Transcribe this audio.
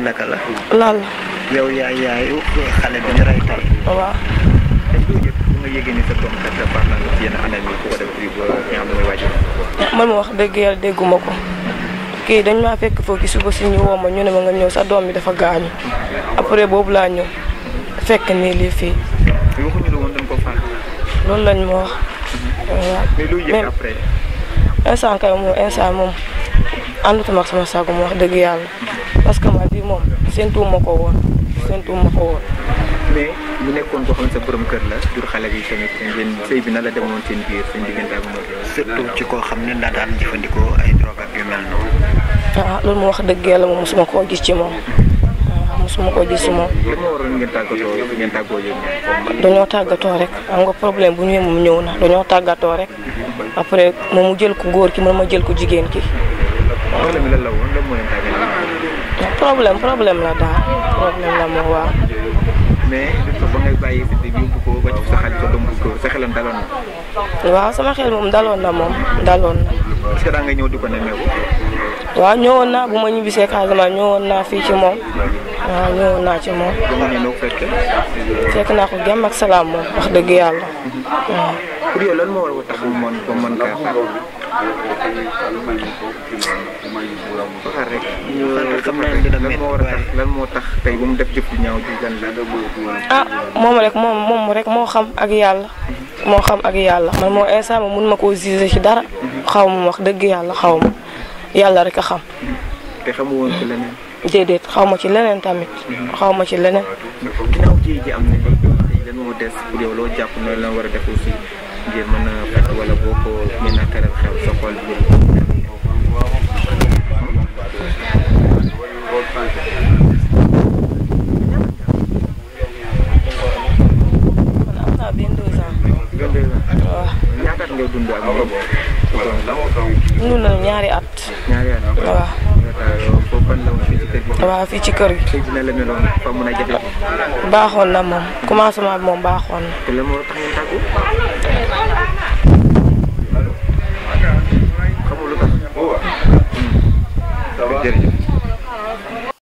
naka la. lan la. yow yaay yaayu xale bi ma wax dëgg yàlla dégguma ko. kii dañ ma fekk foofu su si ñu woo ma ñu ne ma nga ñëw sa doom bi dafa gaañu. après boobu laa ñëw. fekk nii lii fii. loolu lañ ma wax. Mhm. mais instant kay moom instant moom. àndutuma ak sama sago mu wax dëgg yàlla parce que man lii moom seen tuuma ko woon nekkoon koo xam ne xale bi tamit la demoon surtout ci koo xam ne na daan jëfandikoo ay drogue yu mel noonu. ah loolu mu wax dëgg yàlla moom mosuma koo gis ci moom. Ah, mosuma ko tàggatoo dañoo tàggatoo rek xam nga problème bu ñëwee moom ñëw na dañoo tàggatoo rek. après moom mu jël ko góor ki man ma jël ko jigéen ki. problème bi la woon lan moo leen tàggee. problème la daal problème la moom waaw. mais ba ngay bàyyi si yóbbu ko ba ci sa xarit sa doom bu góor sa xelam daloon na. waaw sama xel moom daloon na moom daloon na. est-ce que ñëw di ko nemmeeku. waaw ñëwoon naa bu ma ñibbisee Casamance ñëwoon naa fii ci moom. waaw ñëwoon naa ci moom. fekk naa ko jàmm ak salaam moom wax dëgg yàlla. waaw. waxal rek moo tax tey bu def jëf bu ñaaw ji ah moom rek moom moom rek moo xam ak yàlla moo xam ak yàlla man moo instant ma mun ma koo gisé ci dara xaw ma wax dëgg yàlla xaw ma yàlla rek a xam te xamu woon ci leneen déedéet xaw ma ci leneen tamit xaw ma ci leneen ginnaaw ji ji am na lan la war a def aussi ngir mën a faj wala boo ko fii ci kër gi. la moom commencement moom baaxoon na.